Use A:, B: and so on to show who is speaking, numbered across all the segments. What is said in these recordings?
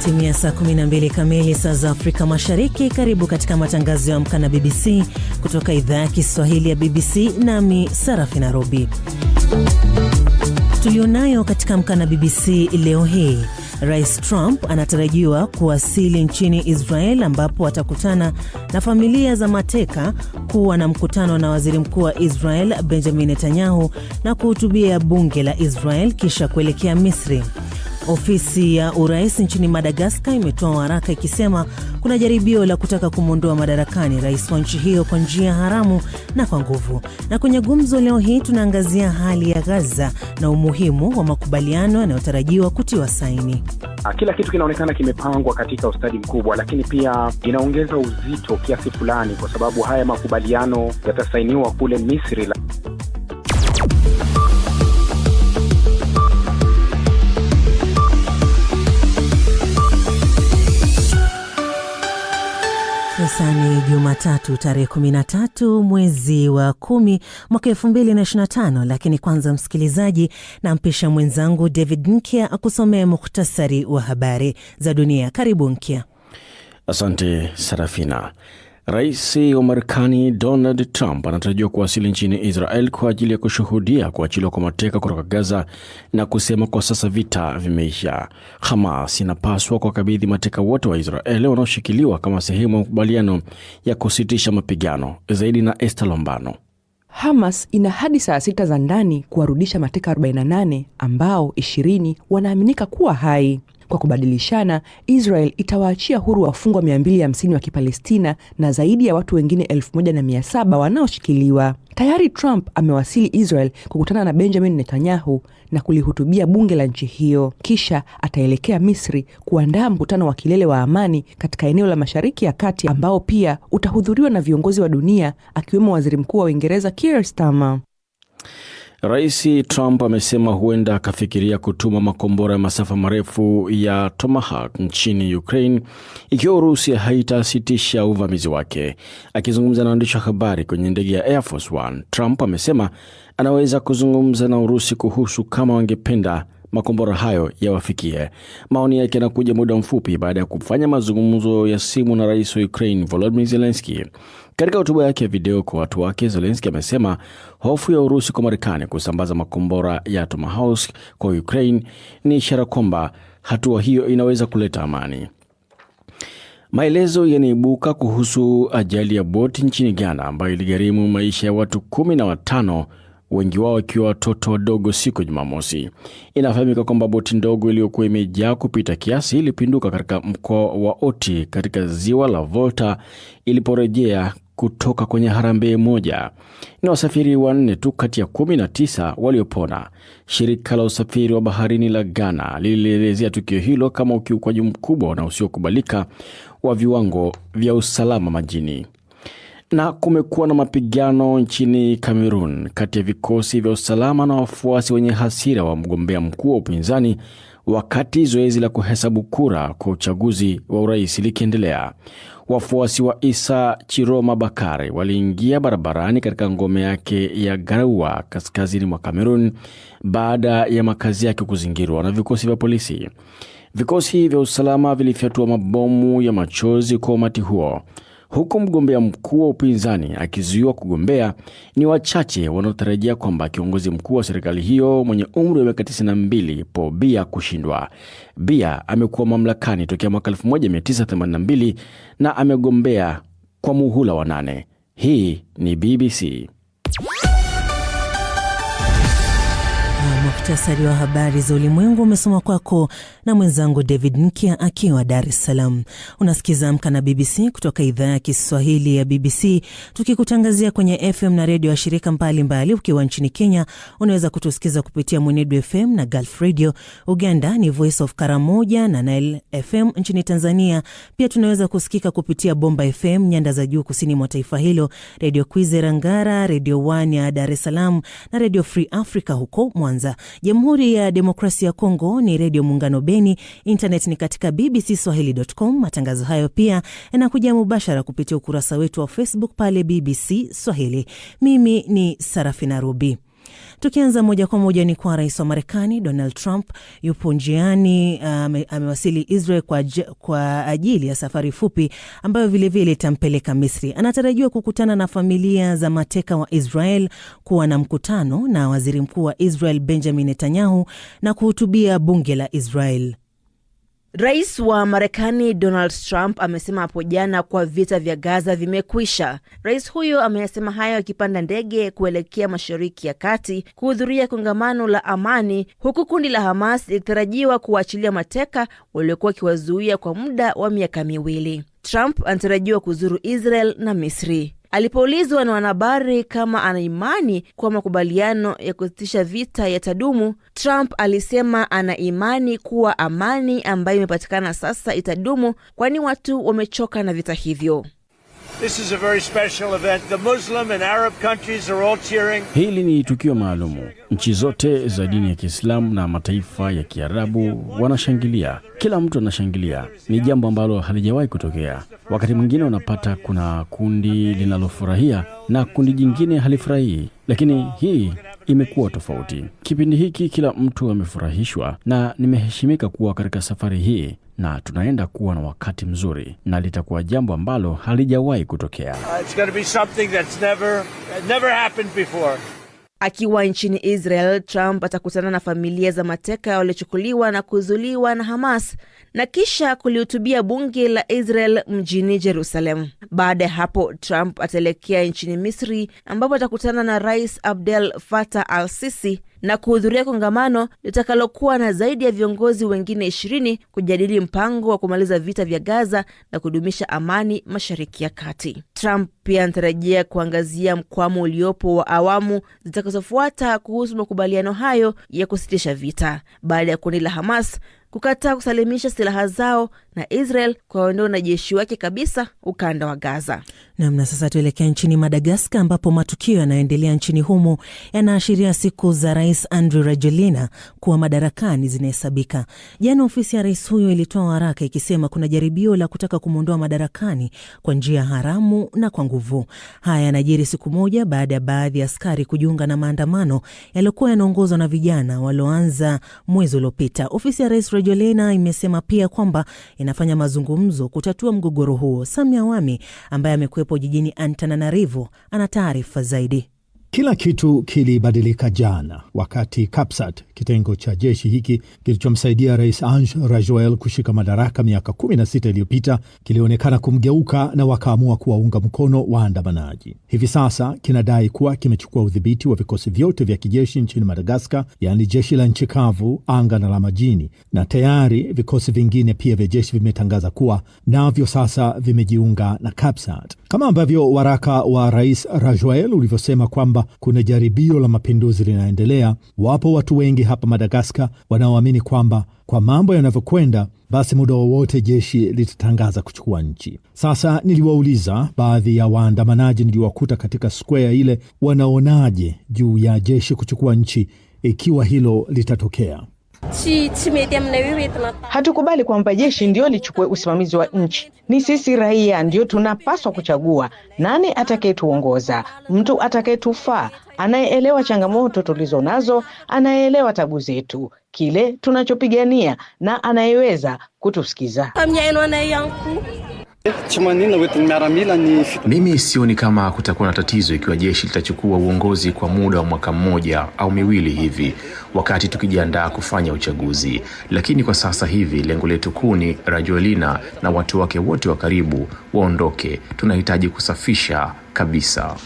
A: imetimia saa 12 kamili saa za Afrika Mashariki. Karibu katika matangazo ya Amka na BBC kutoka idhaa ya Kiswahili ya BBC, nami Sarafi Nairobi. Tulionayo katika Amka na BBC leo hii Rais Trump anatarajiwa kuwasili nchini Israel ambapo atakutana na familia za mateka, kuwa na mkutano na waziri mkuu wa Israel Benjamin Netanyahu na kuhutubia bunge la Israel kisha kuelekea Misri. Ofisi ya urais nchini Madagaskar imetoa waraka ikisema kuna jaribio la kutaka kumwondoa madarakani rais wa nchi hiyo kwa njia haramu na kwa nguvu. Na kwenye gumzo leo hii tunaangazia hali ya Gaza na umuhimu wa makubaliano yanayotarajiwa kutiwa saini.
B: Ah, kila kitu kinaonekana kimepangwa katika ustadi mkubwa, lakini pia inaongeza uzito kiasi fulani, kwa sababu haya makubaliano yatasainiwa kule Misri.
A: Sasa ni Jumatatu tarehe 13 mwezi wa kumi mwaka 225 lakini kwanza, msikilizaji, nampisha mwenzangu David Nkia akusomee muhtasari wa habari za dunia. Karibu Nkia.
C: Asante Sarafina. Rais wa Marekani Donald Trump anatarajiwa kuwasili nchini Israel kwa ajili ya kushuhudia kuachiliwa kwa mateka kutoka Gaza na kusema kwa sasa vita vimeisha. Hamas inapaswa kuwakabidhi mateka wote wa Israel wanaoshikiliwa kama sehemu ya makubaliano ya kusitisha mapigano. Zaidi na Esther Lombano.
A: Hamas ina hadi saa sita za ndani kuwarudisha mateka 48 ambao 20 wanaaminika kuwa hai. Kwa kubadilishana, Israel itawaachia huru wafungwa 250 wa Kipalestina na zaidi ya watu wengine 1700 wanaoshikiliwa. Tayari Trump amewasili Israel kukutana na Benjamin Netanyahu na kulihutubia bunge la nchi hiyo, kisha ataelekea Misri kuandaa mkutano wa kilele wa amani katika eneo la Mashariki ya Kati ambao pia utahudhuriwa na viongozi wa dunia akiwemo Waziri Mkuu wa Uingereza Keir Starmer.
C: Rais Trump amesema huenda akafikiria kutuma makombora ya masafa marefu ya Tomahawk nchini Ukraine ikiwa Urusi haitasitisha uvamizi wake. Akizungumza na waandishi wa habari kwenye ndege ya Air Force One, Trump amesema anaweza kuzungumza na Urusi kuhusu kama wangependa makombora hayo yawafikie. Maoni yake yanakuja muda mfupi baada ya kufanya mazungumzo ya simu na rais wa Ukraine Volodymyr Zelensky. Katika hotuba yake ya video kwa watu wake, Zelensky amesema hofu ya Urusi kwa Marekani kusambaza makombora ya Tomahawk kwa Ukraine ni ishara kwamba hatua hiyo inaweza kuleta amani. Maelezo yanaibuka kuhusu ajali ya boti nchini Ghana ambayo iligharimu maisha ya watu kumi na watano wengi wao wakiwa watoto wadogo siku ya Jumamosi. Inafahamika kwamba boti ndogo iliyokuwa imejaa kupita kiasi ilipinduka katika mkoa wa Oti katika ziwa la Volta iliporejea kutoka kwenye harambee moja. Ni wasafiri wanne tu kati ya kumi na tisa waliopona. Shirika la usafiri wa baharini la Ghana lilielezea tukio hilo kama ukiukwaji mkubwa na usiokubalika wa viwango vya usalama majini. Na kumekuwa na mapigano nchini Kamerun kati ya vikosi vya usalama na wafuasi wenye hasira wa mgombea mkuu wa upinzani wakati zoezi la kuhesabu kura kwa uchaguzi wa urais likiendelea. Wafuasi wa Isa Chiroma Bakari waliingia barabarani katika ngome yake ya Garaua kaskazini mwa cameron baada ya makazi yake kuzingirwa na vikosi vya polisi. Vikosi vya usalama vilifyatua mabomu ya machozi kwa umati huo huku mgombea mkuu wa upinzani akizuiwa kugombea. Ni wachache wanaotarajia kwamba kiongozi mkuu wa serikali hiyo mwenye umri wa miaka 92 Paul Biya kushindwa. Biya amekuwa mamlakani tokea mwaka 1982 na amegombea kwa muhula wa nane. Hii ni BBC.
A: Muhtasari wa habari za ulimwengu umesoma kwako na mwenzangu David Nkia akiwa Dar es Salaam. Unasikiza Amka na BBC kutoka idhaa ya Kiswahili ya BBC, tukikutangazia kwenye FM na redio ya shirika mbalimbali. Ukiwa nchini Kenya unaweza kutusikiza kupitia Mwenedu FM na Gulf Radio. Uganda ni Voice of Karamoja na nil FM. Nchini Tanzania pia tunaweza kusikika kupitia Bomba FM nyanda za juu kusini mwa taifa hilo, Redio Kwizera Redio 1 ya Dar es Salaam na Redio Free Africa huko Mwanza. Jamhuri ya Demokrasia ya Kongo ni Redio Muungano Beni, internet ni katika bbc swahilicom Matangazo hayo pia yanakuja mubashara kupitia ukurasa wetu wa Facebook pale BBC Swahili. Mimi ni Sarafina Rubi. Tukianza moja kwa moja ni kwa rais wa Marekani Donald Trump yupo njiani, ame, amewasili Israel kwa, kwa ajili ya safari fupi ambayo vilevile itampeleka Misri. Anatarajiwa kukutana na familia za mateka wa Israel, kuwa na mkutano na waziri mkuu wa Israel Benjamin Netanyahu na kuhutubia bunge la Israel. Rais wa Marekani Donald Trump amesema hapo jana kuwa vita vya Gaza vimekwisha. Rais huyo ameyasema hayo akipanda ndege kuelekea Mashariki ya Kati kuhudhuria kongamano la amani, huku kundi la Hamas likitarajiwa kuwaachilia mateka waliokuwa wakiwazuia kwa muda wa miaka miwili. Trump anatarajiwa kuzuru Israel na Misri. Alipoulizwa na wanahabari kama ana imani kuwa makubaliano ya kusitisha vita yatadumu, Trump alisema ana imani kuwa amani ambayo imepatikana sasa itadumu, kwani watu wamechoka na vita hivyo.
D: This is a very special event. The Muslim and Arab countries are all cheering.
E: Hili ni tukio maalumu. Nchi zote za dini ya Kiislamu na mataifa ya Kiarabu wanashangilia. Kila mtu anashangilia. Ni jambo ambalo halijawahi kutokea. Wakati mwingine unapata kuna kundi linalofurahia na kundi jingine halifurahii, lakini hii imekuwa tofauti. Kipindi hiki kila mtu amefurahishwa na nimeheshimika kuwa katika safari hii na tunaenda kuwa na wakati mzuri na litakuwa jambo ambalo halijawahi kutokea.
F: Uh,
A: Akiwa nchini Israel, Trump atakutana na familia za mateka waliochukuliwa na kuzuliwa na Hamas na kisha kulihutubia bunge la Israel mjini Jerusalem. Baada ya hapo, Trump ataelekea nchini Misri ambapo atakutana na Rais Abdel fata al-Sisi na kuhudhuria kongamano litakalokuwa na zaidi ya viongozi wengine ishirini kujadili mpango wa kumaliza vita vya Gaza na kudumisha amani Mashariki ya Kati. Trump pia anatarajia kuangazia mkwamo uliopo wa awamu zitakazofuata kuhusu makubaliano hayo ya kusitisha vita baada ya kundi la Hamas kukataa kusalimisha silaha zao na Israel kwa waondoa wanajeshi wake kabisa ukanda wa Gaza. Namna sasa tuelekea nchini madagaska ambapo matukio yanayoendelea nchini humo yanaashiria siku za Rais andrew rajelina kuwa madarakani zinahesabika. Jana ofisi ya rais huyo ilitoa waraka ikisema kuna jaribio la kutaka kumwondoa madarakani kwa njia haramu na kwa nguvu. Haya yanajiri siku moja baada ya baadhi ya askari kujiunga na maandamano yaliyokuwa yanaongozwa na vijana walioanza mwezi uliopita. Ofisi ya rais Rejolena imesema pia kwamba inafanya mazungumzo kutatua mgogoro huo. Samia Wami ambaye amekuwepo jijini Antananarivo ana taarifa zaidi.
G: Kila kitu kilibadilika jana wakati Kapsat, kitengo cha jeshi hiki kilichomsaidia Rais Ange Rajoel kushika madaraka miaka 16 iliyopita, kilionekana kumgeuka na wakaamua kuwaunga mkono waandamanaji. Hivi sasa kinadai kuwa kimechukua udhibiti wa vikosi vyote vya kijeshi nchini Madagaskar, yaani jeshi la nchi kavu, anga na la majini, na tayari vikosi vingine pia vya jeshi vimetangaza kuwa navyo sasa vimejiunga na Kapsat, kama ambavyo waraka wa Rais Rajoel ulivyosema kwamba kwamba kuna jaribio la mapinduzi linaendelea. Wapo watu wengi hapa Madagaskar wanaoamini kwamba kwa mambo yanavyokwenda, basi muda wowote jeshi litatangaza kuchukua nchi. Sasa niliwauliza baadhi ya waandamanaji niliowakuta katika skwea ile, wanaonaje juu ya jeshi kuchukua nchi ikiwa hilo litatokea.
H: Hatukubali kwamba jeshi ndio lichukue usimamizi wa nchi. Ni sisi raia ndio tunapaswa kuchagua nani atakayetuongoza, mtu atakayetufaa, anayeelewa changamoto tulizo nazo, anayeelewa tabu zetu, kile tunachopigania na anayeweza kutusikiza.
C: Eh, Mimi sioni kama kutakuwa na tatizo ikiwa jeshi litachukua uongozi kwa muda wa mwaka mmoja au miwili hivi, wakati tukijiandaa kufanya uchaguzi. Lakini kwa sasa hivi lengo letu kuu ni Rajoelina na watu wake wote wa karibu waondoke. Tunahitaji kusafisha kabisa.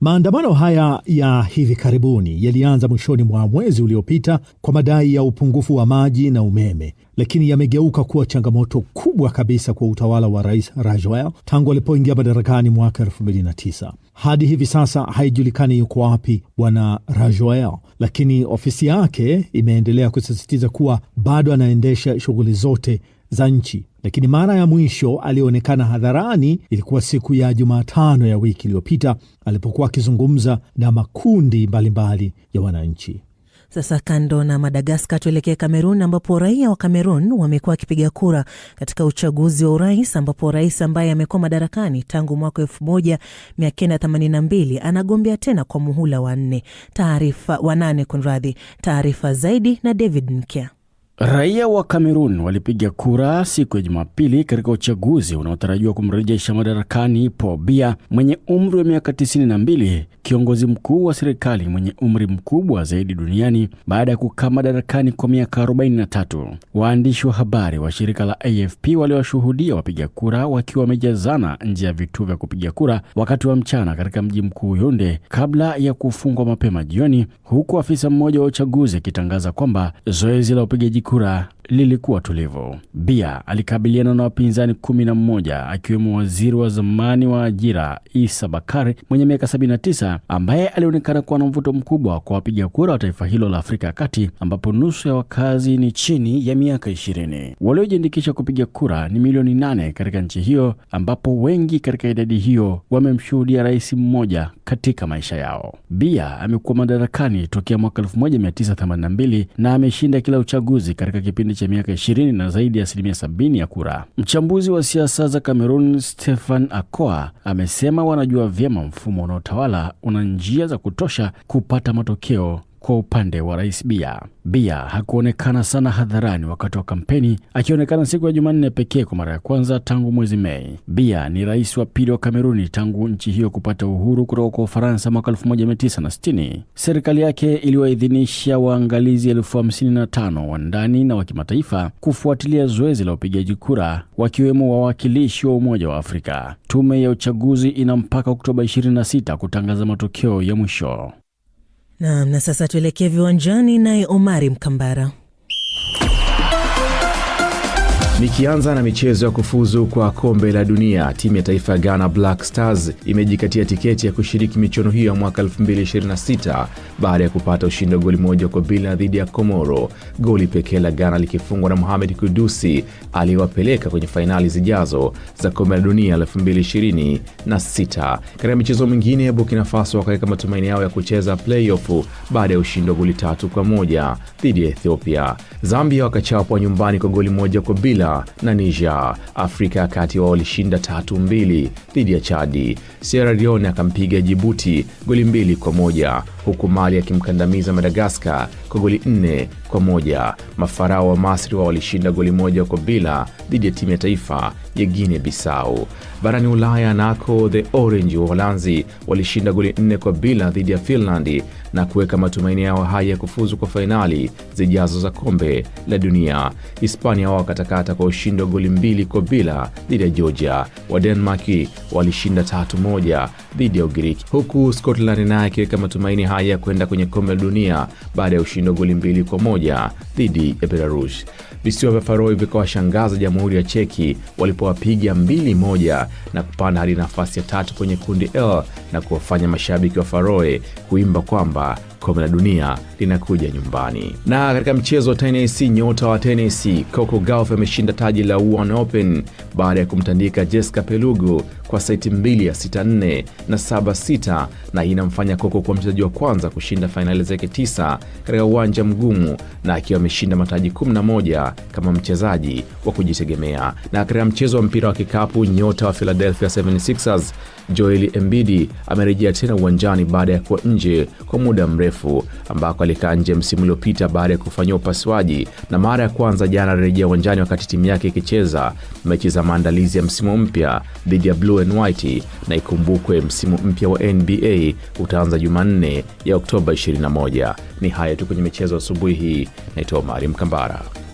G: Maandamano haya ya hivi karibuni yalianza mwishoni mwa mwezi uliopita kwa madai ya upungufu wa maji na umeme, lakini yamegeuka kuwa changamoto kubwa kabisa kwa utawala wa Rais Rajoel tangu alipoingia madarakani mwaka 2009. Hadi hivi sasa haijulikani yuko wapi Bwana Rajoel, lakini ofisi yake imeendelea kusisitiza kuwa bado anaendesha shughuli zote za nchi lakini mara ya mwisho aliyoonekana hadharani ilikuwa siku ya Jumatano ya wiki iliyopita alipokuwa akizungumza na makundi mbalimbali mbali ya wananchi.
A: Sasa kando na Madagaskar, tuelekee Kamerun ambapo raia wa Kamerun wamekuwa wakipiga kura katika uchaguzi wa urais, ambapo rais ambaye amekuwa madarakani tangu mwaka mbili anagombea tena kwa muhula wa nne, taarifa wa nane, kunradhi. Taarifa zaidi na David Mkia.
I: Raia wa Kamerun walipiga kura siku ya Jumapili katika uchaguzi unaotarajiwa kumrejesha madarakani Paul Biya mwenye umri wa miaka 92 kiongozi mkuu wa serikali mwenye umri mkubwa zaidi duniani baada ya kukaa madarakani kwa miaka 43. Waandishi wa habari wa shirika la AFP waliwashuhudia wapiga kura wakiwa wamejazana nje ya vituo vya kupiga kura wakati wa mchana katika mji mkuu Yaounde kabla ya kufungwa mapema jioni, huku afisa mmoja wa uchaguzi akitangaza kwamba zoezi la upigaji kura lilikuwa tulivu. Bia alikabiliana na wapinzani kumi na mmoja akiwemo waziri wa zamani wa ajira Isa Bakari mwenye miaka 79 ambaye alionekana kuwa na mvuto mkubwa kwa wapiga kura wa taifa hilo la Afrika ya Kati, ambapo nusu ya wakazi ni chini ya miaka ishirini. Waliojiandikisha kupiga kura ni milioni nane katika nchi hiyo, ambapo wengi katika idadi hiyo wamemshuhudia rais mmoja katika maisha yao. Bia amekuwa madarakani tokea mwaka 1982 na ameshinda kila uchaguzi katika kipindi cha miaka ishirini na zaidi ya asilimia sabini ya kura. Mchambuzi wa siasa za cameron stehan Akoa amesema wanajua vyema mfumo unaotawala una njia za kutosha kupata matokeo kwa upande wa rais bia bia hakuonekana sana hadharani wakati wa kampeni, akionekana siku ya Jumanne pekee kwa mara ya kwanza tangu mwezi Mei. bia ni rais wa pili wa Kameruni tangu nchi hiyo kupata uhuru kutoka kwa Ufaransa mwaka 1960. Serikali yake iliwaidhinisha waangalizi elfu hamsini na tano wa ndani na wa kimataifa kufuatilia zoezi la upigaji kura, wakiwemo wawakilishi wa Umoja wa Afrika. Tume ya uchaguzi ina mpaka Oktoba 26 kutangaza matokeo ya mwisho.
A: Naam, na sasa tuelekee viwanjani, naye Omari Mkambara.
J: Nikianza na michezo ya kufuzu kwa kombe la dunia, timu ya taifa ya Ghana Black Stars imejikatia tiketi ya kushiriki michuano hiyo ya mwaka 2026 baada ya kupata ushindi wa goli moja kwa bila dhidi ya Komoro, goli pekee la Ghana likifungwa na Mohamed Kudusi aliyewapeleka kwenye fainali zijazo za kombe la dunia 2026. Katika michezo mingine ya Burkina Faso wakaweka matumaini yao ya kucheza playoff baada ya ushindi wa goli tatu kwa moja dhidi ya Ethiopia. Zambia wakachapwa nyumbani kwa goli moja kwa bila Angola na Niger. Afrika ya Kati wao walishinda tatu mbili dhidi ya Chadi. Sierra Leone akampiga Jibuti goli mbili kwa moja huku Mali akimkandamiza Madagaskar kwa goli nne kwa moja. Mafarao wa Masri wao walishinda goli moja kwa bila dhidi ya timu ya taifa ya guine bisau Barani Ulaya nako the Orange wa holanzi walishinda goli nne kwa bila dhidi ya Finlandi na kuweka matumaini yao haya ya kufuzu kwa fainali zijazo za kombe la dunia. Hispania wao wakatakata kwa ushindi wa goli mbili kwa bila dhidi ya Georgia. Wa Denmarki walishinda tatu moja dhidi ya Ugiriki, huku Scotland naye akiweka matumaini haya ya kwenda kwenye kombe la dunia baada ya ushindi wa goli mbili kwa moja dhidi ya Belarus. Visiwa vya Faroe vikawashangaza Jamhuri ya Cheki walipowapiga mbili moja na kupanda hadi nafasi ya tatu kwenye kundi L na kuwafanya mashabiki wa Faroe kuimba kwamba kombe la dunia linakuja nyumbani. Na katika mchezo wa tenis nyota wa tenis Coco Gauff ameshinda taji la One Open baada ya kumtandika Jessica pelugu kwa seti mbili ya 6 na 7 na hii inamfanya Coco kuwa mchezaji wa kwanza kushinda fainali zake tisa katika uwanja mgumu na akiwa ameshinda mataji 11 kama mchezaji wa kujitegemea. Na katika mchezo wa mpira wa kikapu, nyota wa Philadelphia 76ers Joel embidi amerejea tena uwanjani baada ya kuwa nje kwa muda mrefu mrefu ambako alikaa nje msimu uliopita baada ya kufanyiwa upasuaji na mara ya kwanza jana alirejea uwanjani wakati timu yake ikicheza mechi za maandalizi ya msimu mpya dhidi ya Blue and White. Na ikumbukwe msimu mpya wa NBA utaanza Jumanne ya Oktoba 21. Ni haya tu kwenye michezo asubuhi hii. Naitwa Omari Mkambara.